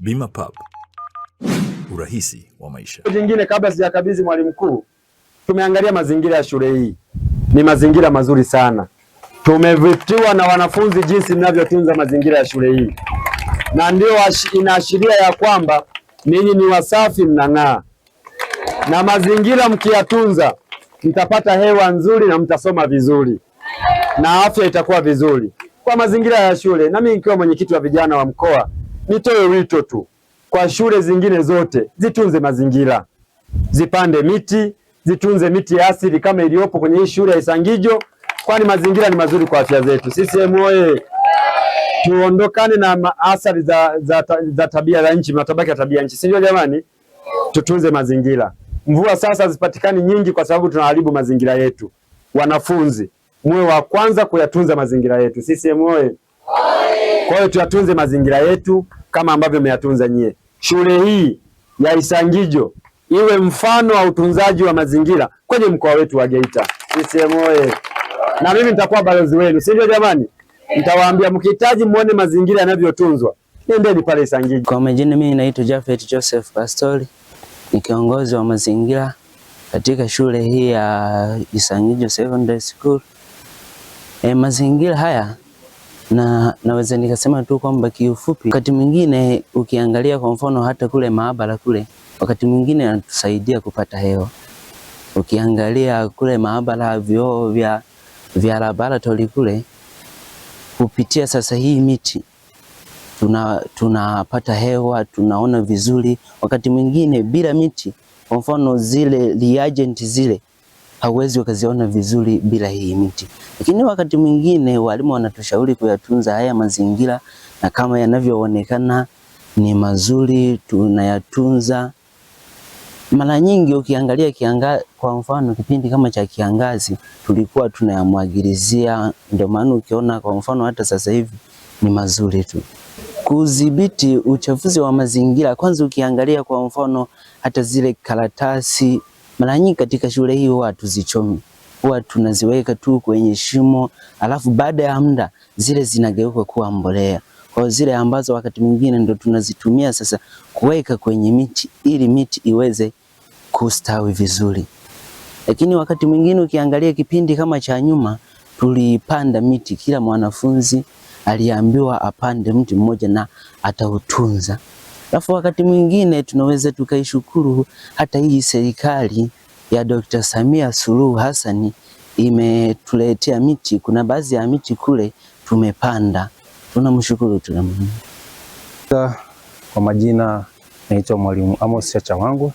Bima Pub, urahisi wa maisha. Jingine kabla sijakabidhi mwalimu mkuu, tumeangalia mazingira ya shule hii, ni mazingira mazuri sana. Tumevutiwa na wanafunzi jinsi mnavyotunza mazingira ya shule hii, na ndio inaashiria ya kwamba ninyi ni wasafi, mnang'aa, na mazingira mkiyatunza mtapata hewa nzuri na mtasoma vizuri na afya itakuwa vizuri kwa mazingira ya shule. Na mimi nikiwa mwenyekiti wa vijana wa mkoa Nitoe wito tu kwa shule zingine zote zitunze mazingira, zipande miti, zitunze miti ya asili kama iliyopo kwenye hii shule ya Isangijo, kwani mazingira ni mazuri kwa afya zetu. CCM oye! Tuondokane na athari za, za, za tabia za nchi, matabaki ya tabia nchi, si ndio jamani? Tutunze mazingira. Mvua sasa hazipatikani nyingi kwa sababu tunaharibu mazingira yetu. Wanafunzi muwe wa kwanza kuyatunza mazingira yetu. CCM oye! Kwa hiyo tuyatunze mazingira yetu kama ambavyo meyatunza nyie. Shule hii ya Isangijo iwe mfano wa utunzaji wa mazingira kwenye mkoa wetu wa Geita. CCM oyee! Na mimi nitakuwa balozi wenu, si ndio jamani? Nitawaambia mkihitaji muone mazingira yanavyotunzwa, nendeni pale Isangijo. Kwa majina, mimi naitwa Jafet Joseph Pastori, ni kiongozi wa mazingira katika shule hii ya Isangijo Secondary School. E, mazingira haya na naweza nikasema tu kwamba kiufupi, wakati mwingine ukiangalia kwa mfano hata kule maabara kule, wakati mwingine anatusaidia kupata hewa. Ukiangalia kule maabara, vyoo vya vya laboratory kule, kupitia sasa hii miti tuna tunapata hewa, tunaona vizuri. Wakati mwingine bila miti, kwa mfano zile reagent zile hauwezi ukaziona vizuri bila hii miti. Lakini wakati mwingine walimu wanatushauri kuyatunza haya mazingira, na kama yanavyoonekana ni mazuri, tunayatunza. Mara nyingi ukiangalia kianga, kwa mfano kipindi kama cha kiangazi tulikuwa tunayamwagilizia, ndio maana ukiona kwa mfano hata sasa hivi ni mazuri tu. Kudhibiti uchafuzi wa mazingira, kwanza ukiangalia kwa mfano hata zile karatasi mara nyingi katika shule hii huwa hatuzichomi, huwa tunaziweka tu kwenye shimo, alafu baada ya muda zile zinageuka kuwa mbolea kwa zile ambazo wakati mwingine ndo tunazitumia sasa kuweka kwenye miti ili miti iweze kustawi vizuri. Lakini wakati mwingine ukiangalia kipindi kama cha nyuma, tulipanda miti, kila mwanafunzi aliambiwa apande mti mmoja na atautunza. Alafu wakati mwingine tunaweza tukaishukuru hata hii serikali ya Dr. Samia Suluhu Hassan imetuletea miti. Kuna baadhi ya miti kule tumepanda, tunamshukuru tuna kwa majina naitwa Mwalimu Amos Chacha wangu,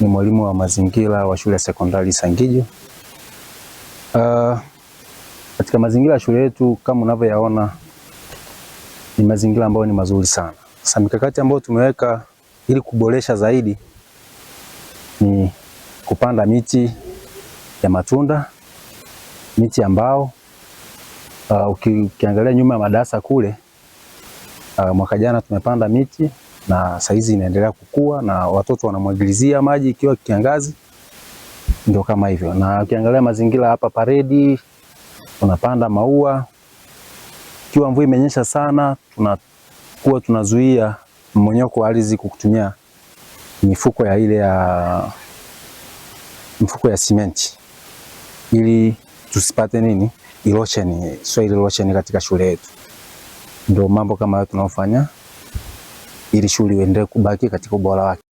ni mwalimu wa mazingira wa shule ya sekondari Sangijo. Uh, ah, katika mazingira ya shule yetu kama unavyoyaona ni mazingira ambayo ni mazuri sana. Sasa mikakati ambayo tumeweka ili kuboresha zaidi ni kupanda miti ya matunda, miti ya mbao. Uh, ukiangalia nyuma ya madarasa kule, uh, mwaka jana tumepanda miti na saizi inaendelea kukua na watoto wanamwagilizia maji ikiwa kiangazi, ndio kama hivyo. Na ukiangalia mazingira hapa paredi, tunapanda maua ikiwa mvua imenyesha sana tuna huwa tunazuia mmonyoko wa ardhi kwa kutumia mifuko ya ile ya mifuko ya simenti ili tusipate nini erosion, soil erosion katika shule yetu. Ndio mambo kama hayo tunaofanya ili shule iendelee kubaki katika ubora wake.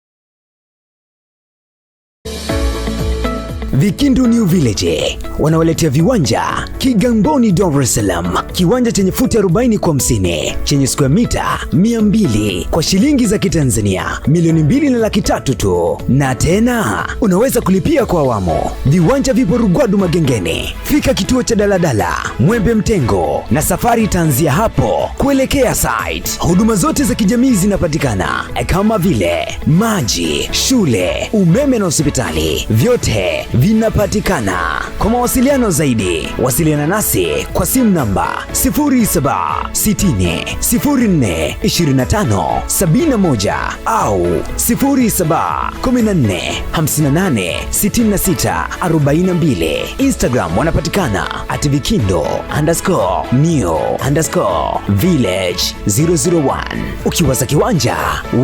Vikindu New Village wanawaletea viwanja Kigamboni, Dar es Salaam, kiwanja chenye futi 40 kwa 50 chenye square mita 200 kwa shilingi za Kitanzania milioni mbili na laki tatu tu, na tena unaweza kulipia kwa awamu. Viwanja vipo Rugwadu Magengeni, fika kituo cha daladala Mwembe Mtengo na safari itaanzia hapo kuelekea site. Huduma zote za kijamii zinapatikana kama vile maji, shule, umeme na hospitali, vyote vi linapatikana. Kwa mawasiliano zaidi, wasiliana nasi kwa simu namba 0760042571 au 0714586642. Instagram wanapatikana at vikindo underscore new underscore village 001. Ukiwaza kiwanja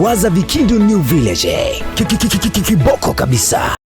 waza Vikindo New Village, kiboko kabisa.